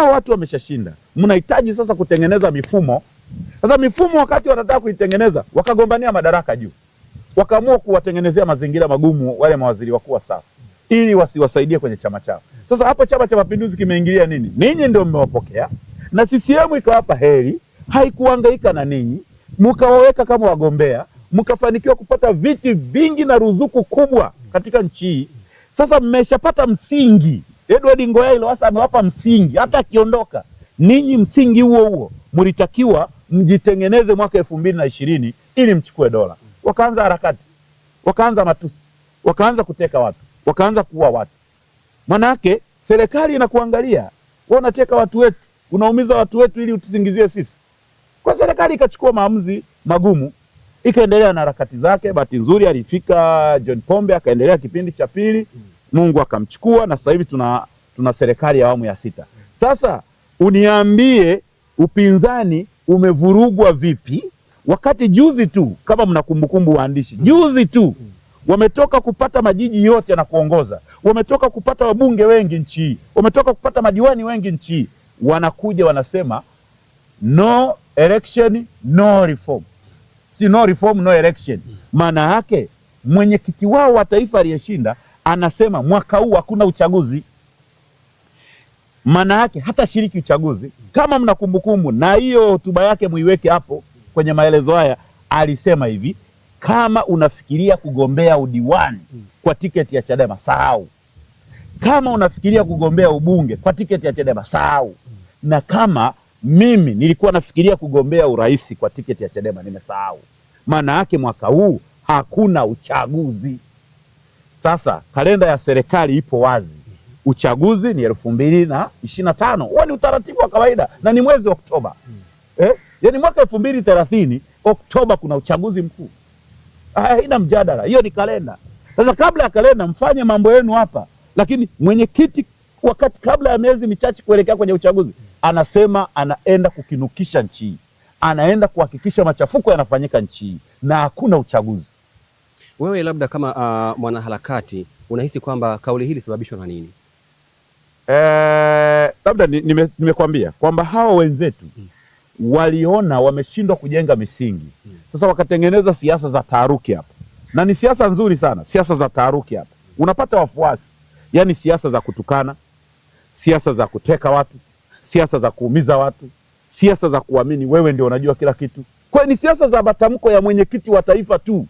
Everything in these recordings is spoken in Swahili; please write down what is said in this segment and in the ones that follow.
hawa watu wameshashinda, mnahitaji sasa kutengeneza mifumo. Sasa mifumo wakati wanataka kuitengeneza wakagombania madaraka juu, wakaamua kuwatengenezea mazingira magumu wale mawaziri wakuu wastaafu ili wasiwasaidie kwenye chama chao. Sasa hapo Chama cha Mapinduzi kimeingilia nini? Ninyi ndio mmewapokea na CCM ikawapa heri, haikuhangaika na ninyi, mkawaweka kama wagombea, mkafanikiwa kupata viti vingi na ruzuku kubwa katika nchi hii. Sasa mmeshapata msingi Edward Ngoyai Lowassa amewapa msingi, hata akiondoka ninyi msingi huo huo mlitakiwa mjitengeneze mwaka elfu mbili na ishirini ili mchukue dola. Wakaanza harakati, wakaanza matusi, wakaanza kuteka watu, wakaanza kuua watu. Manake serikali inakuangalia wewe, unateka watu wetu, unaumiza watu wetu ili utusingizie sisi. Kwa serikali ikachukua maamuzi magumu, ikaendelea na harakati zake. Bahati nzuri alifika John Pombe akaendelea kipindi cha pili. Mungu akamchukua na sasa hivi tuna, tuna serikali ya awamu ya sita. Sasa uniambie upinzani umevurugwa vipi, wakati juzi tu kama mna kumbukumbu, waandishi, juzi tu wametoka kupata majiji yote na kuongoza, wametoka kupata wabunge wengi nchi hii, wametoka kupata madiwani wengi nchi hii, wanakuja wanasema no election no reform. Si no reform no election, maana yake mwenyekiti wao wa taifa aliyeshinda anasema mwaka huu hakuna uchaguzi. Maana yake hatashiriki uchaguzi. Kama mna kumbukumbu, na hiyo hotuba yake muiweke hapo kwenye maelezo haya, alisema hivi, kama unafikiria kugombea udiwani kwa tiketi ya Chadema sahau, kama unafikiria kugombea ubunge kwa tiketi ya Chadema sahau, na kama mimi nilikuwa nafikiria kugombea urais kwa tiketi ya Chadema nimesahau. Maana yake mwaka huu hakuna uchaguzi. Sasa kalenda ya serikali ipo wazi, uchaguzi ni elfu mbili na ishirini na tano. Huo ni utaratibu wa kawaida na ni mwezi Oktoba hmm. eh? Yani mwaka elfu mbili thelathini Oktoba kuna uchaguzi mkuu, haina mjadala. Hiyo ni kalenda. Sasa kabla ya kalenda mfanye mambo yenu hapa, lakini mwenyekiti wakati kabla ya miezi michache kuelekea kwenye uchaguzi anasema anaenda kukinukisha nchi hii, anaenda kuhakikisha machafuko yanafanyika nchi hii na hakuna uchaguzi. Wewe labda kama uh, mwanaharakati unahisi kwamba kauli hii ilisababishwa na nini? Eh, labda nimekwambia nime kwamba hawa wenzetu hmm waliona wameshindwa kujenga misingi hmm. sasa, wakatengeneza siasa za taharuki hapa, na ni siasa nzuri sana, siasa za taharuki hapa. Unapata wafuasi, yaani siasa za kutukana, siasa za kuteka watu, siasa za kuumiza watu, siasa za kuamini wewe ndio unajua kila kitu. Kwa hiyo ni siasa za matamko ya mwenyekiti wa taifa tu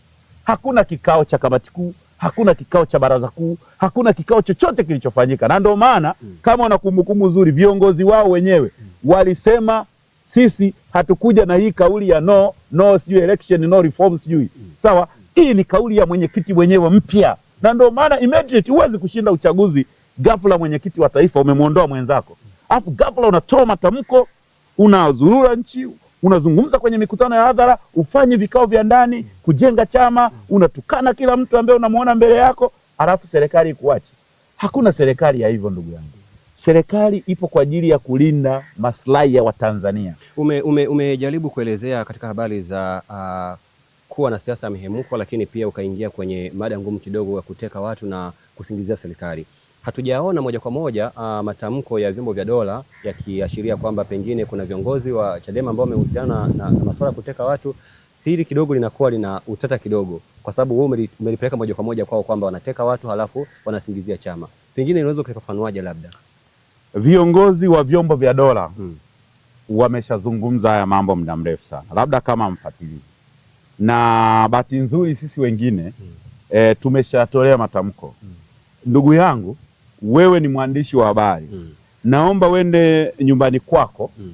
hakuna kikao cha kamati kuu, hakuna kikao cha baraza kuu, hakuna kikao chochote kilichofanyika. Na ndio maana mm. kama una kumbukumbu nzuri, viongozi wao wenyewe mm. walisema sisi hatukuja na hii kauli ya no no, sijui election no reform sijui mm. sawa hii ni kauli ya mwenyekiti mwenyewe mpya, na ndio maana immediate, huwezi kushinda uchaguzi ghafla mwenyekiti wa taifa umemwondoa mwenzako, afu ghafla unatoa matamko, unazurura nchi unazungumza kwenye mikutano ya hadhara, ufanye vikao vya ndani kujenga chama, unatukana kila mtu ambaye unamwona mbele yako, alafu serikali ikuache. Hakuna serikali ya hivyo, ndugu yangu. Serikali ipo kwa ajili ya kulinda maslahi ya Watanzania. Umejaribu ume, ume kuelezea katika habari za uh, kuwa na siasa ya mihemko, lakini pia ukaingia kwenye mada ngumu kidogo ya kuteka watu na kusingizia serikali hatujaona moja kwa moja uh, matamko ya vyombo vya dola yakiashiria kwamba pengine kuna viongozi wa Chadema ambao wamehusiana na, na masuala ya kuteka watu. Hili kidogo linakuwa lina utata kidogo, kwa sababu wewe umelipeleka moja kwa moja kwao kwamba wanateka watu halafu wanasingizia chama. Pengine inaweza ukifafanuaje? Labda viongozi wa vyombo vya dola hmm, wameshazungumza haya mambo muda mrefu sana, labda kama mfatili na bahati nzuri sisi wengine hmm, e, eh, tumeshatolea matamko hmm. Ndugu yangu wewe ni mwandishi wa habari mm. Naomba wende nyumbani kwako mm.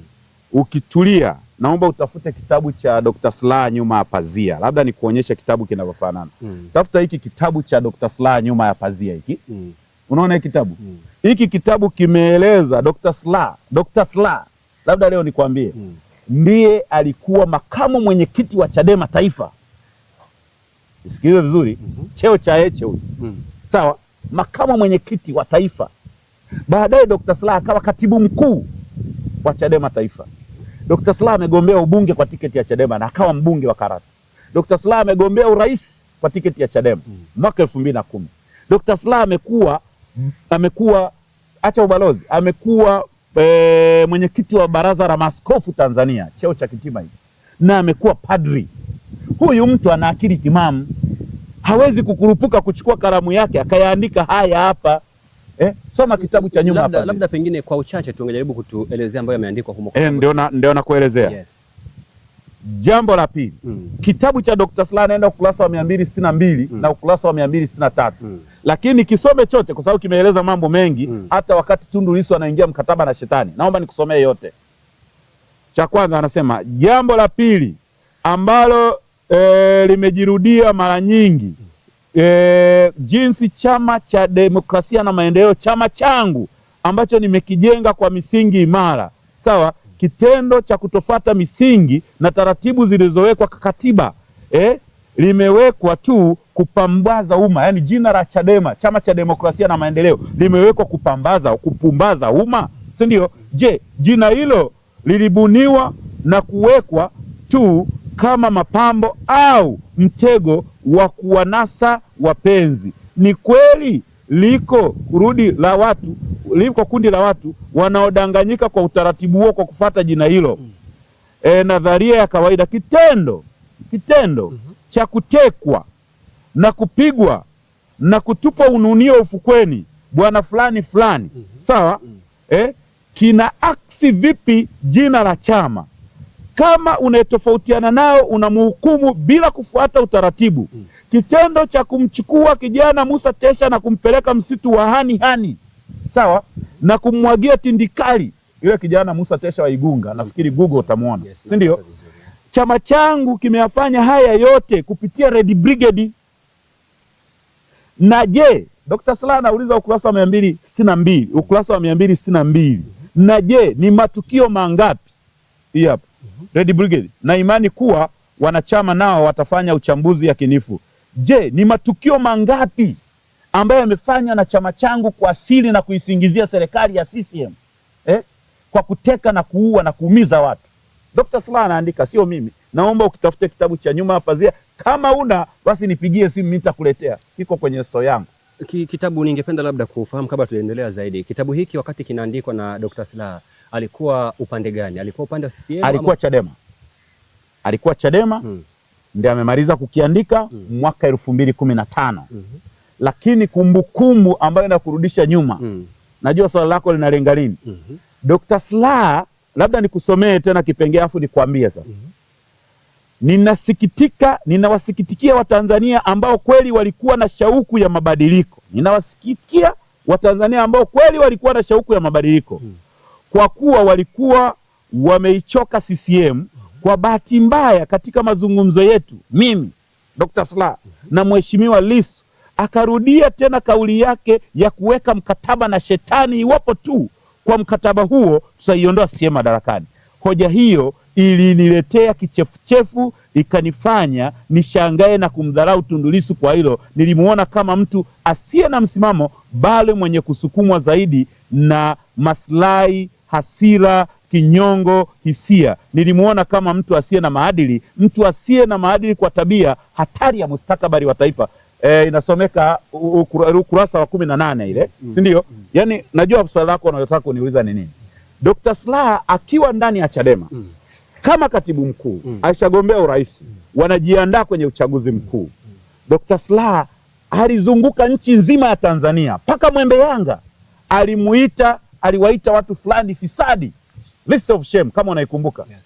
Ukitulia, naomba utafute kitabu cha Dr. Slaa nyuma ya pazia, labda nikuonyeshe kitabu kinavyofanana mm. Tafuta hiki kitabu cha Dr. Slaa nyuma ya pazia hiki mm. Unaona hiki kitabu mm. hiki mm. Kitabu kimeeleza Dr. Slaa, Dr. Slaa labda leo nikwambie mm. Ndiye alikuwa makamu mwenyekiti wa Chadema Taifa. Sikilize vizuri mm -hmm. Cheo cha Heche huyu mm. Sawa makamu mwenyekiti wa taifa, baadaye Dr. Slaa akawa katibu mkuu wa Chadema taifa. Dr. Slaa amegombea ubunge kwa tiketi ya Chadema na akawa mbunge wa Karatu. Dr. Slaa amegombea urais kwa tiketi ya Chadema mwaka elfu mbili na kumi. Dr. Slaa amekuwa amekuwa acha ubalozi, amekuwa e, mwenyekiti wa baraza la maaskofu Tanzania, cheo cha kitima hiki, na amekuwa padri. Huyu mtu ana akili timamu hawezi kukurupuka kuchukua kalamu yake akayaandika haya hapa eh. Soma kitabu cha nyuma hapa, labda pengine kwa uchache tu tungejaribu kutuelezea ambayo yameandikwa humo eh, ndio na ndio na kuelezea yes. Jambo la pili mm. kitabu cha Dr. Slaa naenda ukurasa wa 262 mm. na ukurasa wa 263 mm. lakini kisome chote kwa sababu kimeeleza mambo mengi mm. hata wakati Tundu Lissu anaingia mkataba na shetani, naomba nikusomee yote. Cha kwanza anasema jambo la pili ambalo e, limejirudia mara nyingi e, jinsi chama cha demokrasia na maendeleo, chama changu ambacho nimekijenga kwa misingi imara, sawa, kitendo cha kutofata misingi na taratibu zilizowekwa katiba e, limewekwa tu kupambaza umma, yaani jina la Chadema, chama cha demokrasia na maendeleo, limewekwa kupambaza kupumbaza umma, si ndio? Je, jina hilo lilibuniwa na kuwekwa tu kama mapambo au mtego wa kuwanasa wapenzi. Ni kweli liko kurudi la watu, liko kundi la watu wanaodanganyika kwa utaratibu huo kwa kufata jina hilo. E, nadharia ya kawaida. Kitendo kitendo mm -hmm. cha kutekwa na kupigwa na kutupa ununio ufukweni, bwana fulani fulani, mm -hmm. sawa mm -hmm. E, kina aksi vipi jina la chama? kama unayetofautiana nao unamhukumu bila kufuata utaratibu. Hmm. Kitendo cha kumchukua kijana Musa Tesha na kumpeleka msitu wa Hani Hani, sawa, na kumwagia tindikali yule kijana Musa Tesha wa Igunga, nafikiri Google utamwona, si ndio? Chama changu kimeyafanya haya yote kupitia Red Brigade. Na je, Dr. Slaa anauliza ukurasa wa mia mbili sitini na mbili ukurasa wa mia mbili sitini na mbili mm-hmm. na je, ni matukio mangapi? Hii hapa Red Brigade na imani kuwa wanachama nao watafanya uchambuzi yakinifu. Je, ni matukio mangapi ambayo yamefanywa na chama changu kwa asili na kuisingizia serikali ya CCM eh? Kwa kuteka na kuua na kuumiza watu. Dr. Slaa anaandika, sio mimi. Naomba ukitafute kitabu cha nyuma ya pazia, kama una basi nipigie simu, nitakuletea. Kiko kwenye sto yangu kitabu ningependa labda kufahamu kabla tuendelea zaidi. Kitabu hiki wakati kinaandikwa na Dr. Slaa alikuwa upande gani? Alikuwa upande wa CCM? Alikuwa ama? Chadema. Alikuwa Chadema hmm. Ndio amemaliza kukiandika hmm. mwaka elfu mbili kumi na tano hmm. Lakini kumbukumbu ambayo inakurudisha nyuma hmm. Najua swala lako linalenga lini. hmm. Dr. Slaa labda nikusomee tena kipengee afu nikwambie sasa hmm. Ninasikitika, ninawasikitikia Watanzania ambao kweli walikuwa na shauku ya mabadiliko. Ninawasikitikia Watanzania ambao kweli walikuwa na shauku ya mabadiliko kwa kuwa walikuwa wameichoka CCM. Kwa bahati mbaya, katika mazungumzo yetu mimi Dr. sla na Mheshimiwa Lissu akarudia tena kauli yake ya kuweka mkataba na shetani, iwapo tu kwa mkataba huo tutaiondoa CCM madarakani. Hoja hiyo iliniletea kichefuchefu, ikanifanya nishangae na kumdharau Tundu Lissu. Kwa hilo nilimuona kama mtu asiye na msimamo, bali mwenye kusukumwa zaidi na maslahi, hasira, kinyongo, hisia. Nilimuona kama mtu asiye na maadili, mtu asiye na maadili kwa tabia, hatari ya mustakabali wa taifa. E, inasomeka ukurasa wa kumi na nane ile, mm. si ndio? Mm. Yani najua swali lako unalotaka kuniuliza ni nini. Dr. Slaa akiwa ndani ya Chadema mm. kama katibu mkuu mm. aishagombea urais mm. wanajiandaa kwenye uchaguzi mkuu mm. Dr. Slaa alizunguka nchi nzima ya Tanzania mpaka Mwembe Yanga, alimuita aliwaita watu fulani fisadi, list of shame, kama unaikumbuka yes.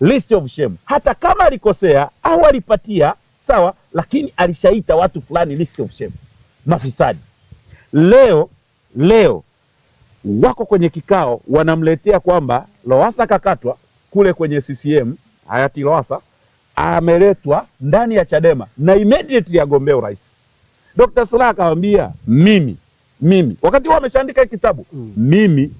list of shame. Hata kama alikosea au alipatia sawa, lakini alishaita watu fulani list of shame, mafisadi. Leo leo wako kwenye kikao, wanamletea kwamba Lowassa kakatwa kule kwenye CCM, hayati Lowassa ameletwa ndani ya Chadema na immediately agombea urais. Dr. Slaa akawambia mimi mimi wakati huo ameshaandika kitabu mm. mimi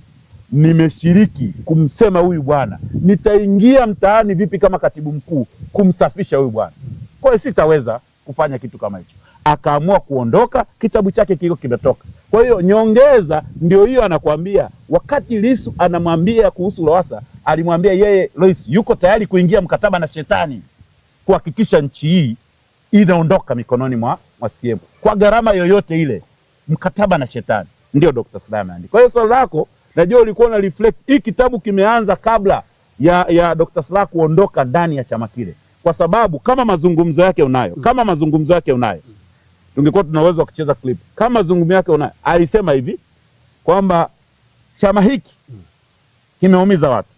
nimeshiriki kumsema huyu bwana, nitaingia mtaani vipi kama katibu mkuu kumsafisha huyu bwana, kwa hiyo sitaweza kufanya kitu kama hicho akaamua kuondoka, kitabu chake kiko kimetoka. Kwa hiyo nyongeza ndio hiyo, anakuambia wakati Lisu anamwambia kuhusu Lowassa, alimwambia yeye Lois yuko tayari kuingia mkataba na shetani kuhakikisha nchi hii inaondoka mikononi mwa CCM kwa gharama yoyote ile, mkataba na shetani. Ndio Dr. Slaa. Kwa hiyo swali lako najua ulikuwa na reflect, hii kitabu kimeanza kabla ya, ya Dr. Slaa kuondoka ndani ya chama kile, kwa sababu kama mazungumzo yake unayo, kama mazungumzo yake unayo tungekuwa tuna uwezo wa kucheza clip. Kama zungumzo yake una alisema hivi kwamba chama hiki kimeumiza watu,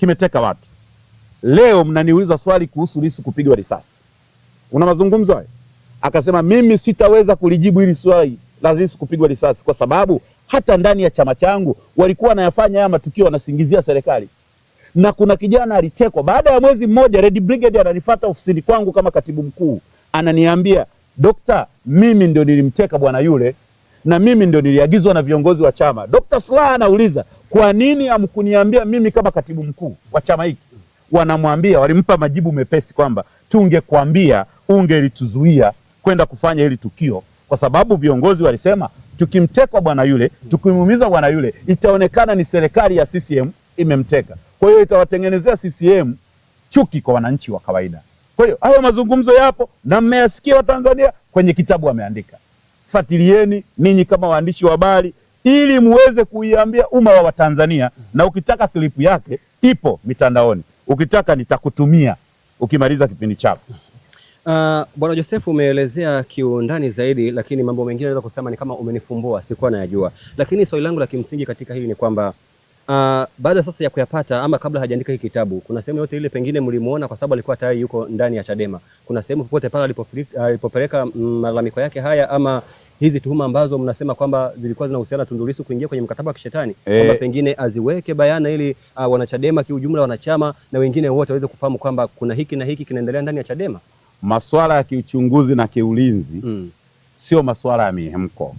kimeteka watu. Leo mnaniuliza swali kuhusu Lissu kupigwa risasi, una mazungumzo hayo? Akasema mimi sitaweza kulijibu hili swali la Lissu kupigwa risasi kwa sababu hata ndani ya chama changu walikuwa wanayafanya haya matukio, wanasingizia serikali na kuna kijana alitekwa. Baada ya mwezi mmoja, Red Brigade ananifuata ofisini kwangu kama katibu mkuu, ananiambia Dokta, mimi ndio nilimteka bwana yule na mimi ndio niliagizwa na viongozi wa chama. Dokta Slaa anauliza kwa nini hamkuniambia mimi kama katibu mkuu wa chama hiki? Wanamwambia, walimpa majibu mepesi kwamba tungekwambia ungelituzuia kwenda kufanya hili tukio, kwa sababu viongozi walisema tukimteka bwana yule, tukimuumiza bwana yule, itaonekana ni serikali ya CCM imemteka. Kwa hiyo itawatengenezea CCM chuki kwa wananchi wa kawaida. Kwa hiyo hayo mazungumzo yapo na mmeyasikia Watanzania, kwenye kitabu wameandika. Fuatilieni ninyi kama waandishi wa habari ili muweze kuiambia umma wa Watanzania, na ukitaka klipu yake ipo mitandaoni, ukitaka nitakutumia ukimaliza kipindi chako. Uh, Bwana Josefu umeelezea kiundani zaidi, lakini mambo mengine naweza kusema ni kama umenifumbua, sikuwa nayajua, lakini swali langu la kimsingi katika hili ni kwamba Uh, baada sasa ya kuyapata ama kabla hajaandika hiki kitabu, kuna sehemu yote ile pengine mlimuona kwa sababu alikuwa tayari yuko ndani ya Chadema. Kuna sehemu popote pale alipopeleka mm, malalamiko yake haya ama hizi tuhuma ambazo mnasema kwamba zilikuwa zinahusiana Tundu Lissu kuingia kwenye mkataba wa kishetani e, kwamba pengine aziweke bayana ili uh, wanachadema kiujumla, wanachama na wengine wote waweze kufahamu kwamba kuna hiki na hiki kinaendelea ndani ya Chadema. Masuala ya kiuchunguzi na kiulinzi mm, sio masuala ya mihemko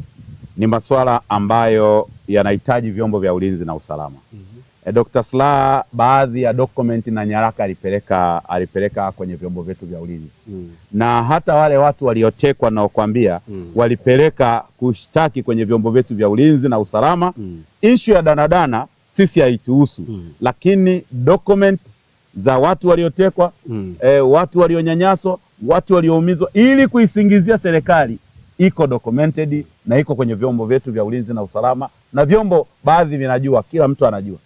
ni masuala ambayo yanahitaji vyombo vya ulinzi na usalama. mm -hmm. Eh, Dr. Slaa baadhi ya dokumenti na nyaraka alipeleka alipeleka kwenye vyombo vyetu vya ulinzi mm -hmm. na hata wale watu waliotekwa naokwambia mm -hmm. walipeleka kushtaki kwenye vyombo vyetu vya ulinzi na usalama mm -hmm. Ishu ya danadana sisi haituhusu mm -hmm. lakini dokumenti za watu waliotekwa mm -hmm. eh, watu walionyanyaswa, watu walioumizwa ili kuisingizia serikali iko documented na iko kwenye vyombo vyetu vya ulinzi na usalama, na vyombo baadhi vinajua, kila mtu anajua.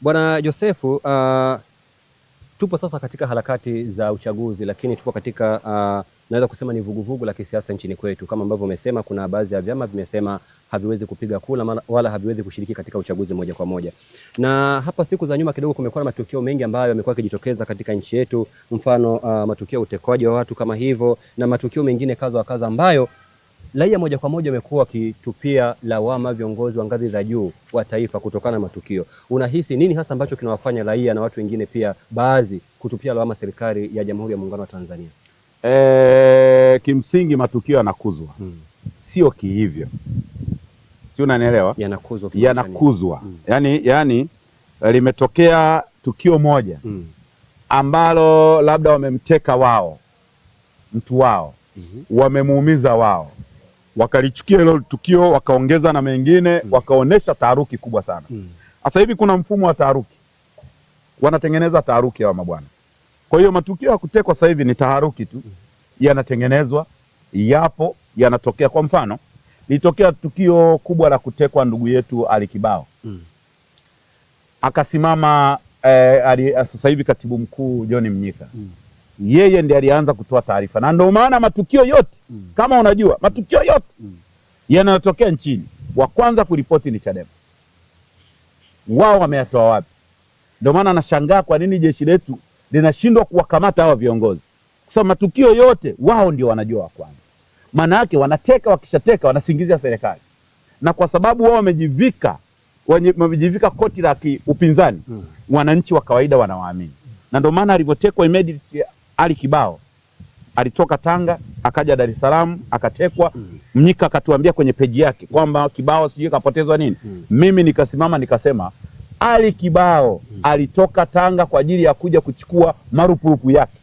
Bwana Josefu, uh, tupo sasa katika harakati za uchaguzi, lakini tupo katika uh, naweza kusema ni vuguvugu la kisiasa nchini kwetu. Kama ambavyo umesema, kuna baadhi ya vyama vimesema haviwezi kupiga kula wala haviwezi kushiriki katika uchaguzi moja kwa moja, na hapa siku za nyuma kidogo kumekuwa na matukio mengi ambayo yamekuwa yakijitokeza katika nchi yetu, mfano uh, matukio ya utekwaji wa watu kama hivyo na matukio mengine kadha wa kadha ambayo Raia moja kwa moja wamekuwa wakitupia lawama viongozi wa ngazi za juu wa taifa kutokana na matukio. Unahisi nini hasa ambacho kinawafanya raia na watu wengine pia baadhi kutupia lawama serikali ya Jamhuri ya Muungano wa Tanzania? E, kimsingi matukio yanakuzwa hmm. Sio kihivyo, si unanielewa? Yanakuzwa, yanakuzwa. Hmm. Yani, yani eh, limetokea tukio moja hmm. ambalo labda wamemteka wao mtu wao, mm -hmm. wamemuumiza wao wakalichukia hilo tukio, wakaongeza na mengine mm. wakaonesha taharuki kubwa sana hmm. sasa mm. hivi kuna mfumo wa taharuki, wanatengeneza taharuki hawa mabwana. Kwa hiyo matukio ya kutekwa sasa hivi ni taharuki tu, hmm. yanatengenezwa, yapo, yanatokea. Kwa mfano litokea tukio kubwa la kutekwa ndugu yetu Ali Kibao mm. akasimama eh, sasa hivi katibu mkuu John Mnyika mm yeye ndiye alianza kutoa taarifa, na ndio maana matukio yote mm. kama unajua matukio yote mm. yanayotokea nchini, wa kwanza kuripoti ni Chadema. Wao wameyatoa wapi? Ndio maana anashangaa kwa nini jeshi letu linashindwa kuwakamata hawa viongozi, kwa sababu matukio yote wao ndio wanajua wa kwanza. Maana yake wanateka, wakishateka wanasingizia serikali, na kwa sababu wao wamejivika wamejivika koti la upinzani mm. wananchi wa kawaida wanawaamini, na ndio maana alivyotekwa ali Kibao alitoka Tanga akaja Dar es Salaam akatekwa. mm. Mnyika akatuambia kwenye peji yake kwamba Kibao sijui kapotezwa nini. mm. Mimi nikasimama nikasema Ali Kibao mm. alitoka Tanga kwa ajili ya kuja kuchukua marupurupu yake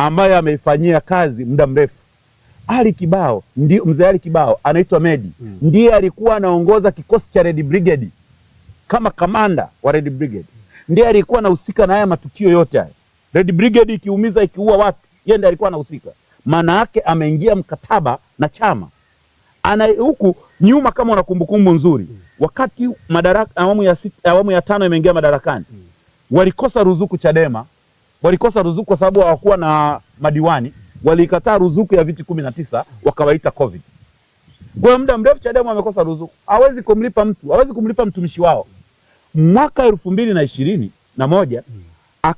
ambayo ameifanyia kazi muda mrefu. Ali Kibao ndio mzee. Ali Kibao anaitwa Medi mm. ndiye alikuwa anaongoza kikosi cha Red Brigade kama kamanda wa Red Brigade, ndiye alikuwa anahusika na haya matukio yote haya Red Brigade ikiumiza, ikiua watu, yeye ndiye alikuwa anahusika. Maana yake ameingia mkataba na chama ana huku nyuma, kama una kumbukumbu nzuri, wakati madaraka awamu ya sita, awamu ya tano imeingia madarakani, walikosa ruzuku Chadema, walikosa ruzuku kwa sababu hawakuwa na madiwani, walikataa ruzuku ya viti kumi na tisa wakawaita covid. Kwa muda mrefu Chadema wamekosa ruzuku, hawezi kumlipa mtu, hawezi kumlipa mtumishi wao. Mwaka elfu mbili na ishirini na moja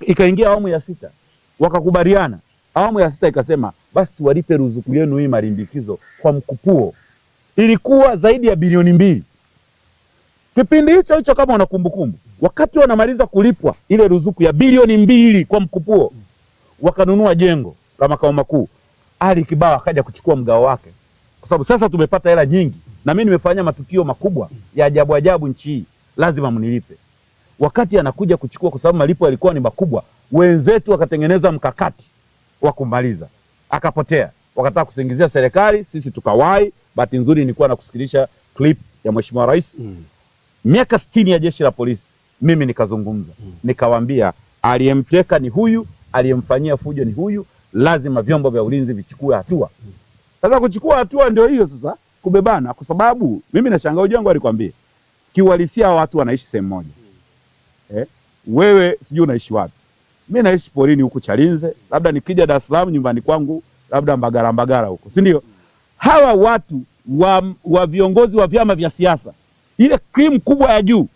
ikaingia awamu ya sita, wakakubaliana. Awamu ya sita ikasema basi tuwalipe ruzuku yenu hii malimbikizo kwa mkupuo, ilikuwa zaidi ya bilioni mbili kipindi hicho hicho, kama una kumbukumbu, wakati wanamaliza kulipwa ile ruzuku ya bilioni mbili kwa mkupuo, wakanunua jengo la makao makuu. Ali Kibao akaja kuchukua mgao wake, kwa sababu sasa tumepata hela nyingi na mimi nimefanya matukio makubwa ya ajabu ajabu nchi hii, lazima mnilipe wakati anakuja kuchukua, kwa sababu malipo yalikuwa ni makubwa, wenzetu wakatengeneza mkakati wa kumaliza, akapotea, wakataka kusingizia serikali, sisi tukawai Bahati nzuri nilikuwa nakusikilisha clip ya mheshimiwa rais mm. miaka sitini ya jeshi la polisi, mimi nikazungumza mm. nikawaambia, aliyemteka ni huyu, aliyemfanyia fujo ni huyu, lazima vyombo vya ulinzi vichukue hatua. Sasa kuchukua hatua ndio hiyo sasa kubebana, kwa sababu mimi nashangaa ujangu alikwambia kiuhalisia watu wanaishi sehemu moja eh, wewe sijui unaishi wapi? Mimi naishi porini huku Chalinze, labda nikija Dar es Salaam nyumbani kwangu labda Mbagara Mbagara huko, si ndio? Hawa watu wa, wa viongozi wa vyama vya siasa, ile krimu kubwa ya juu,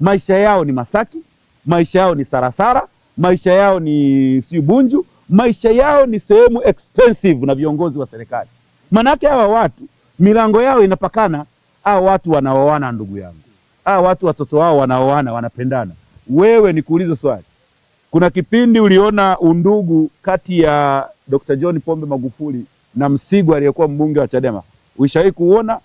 maisha yao ni Masaki, maisha yao ni Sarasara, maisha yao ni siubunju Bunju, maisha yao ni sehemu expensive na viongozi wa serikali. Maanake hawa watu milango yao inapakana, hawa watu wanaoana, ndugu yangu ah, watu watoto wao wanaoana wanapendana. Wewe nikuulize swali, kuna kipindi uliona undugu kati ya Dr. John Pombe Magufuli na Msigwa aliyekuwa mbunge wa Chadema? Ulishawahi kuona?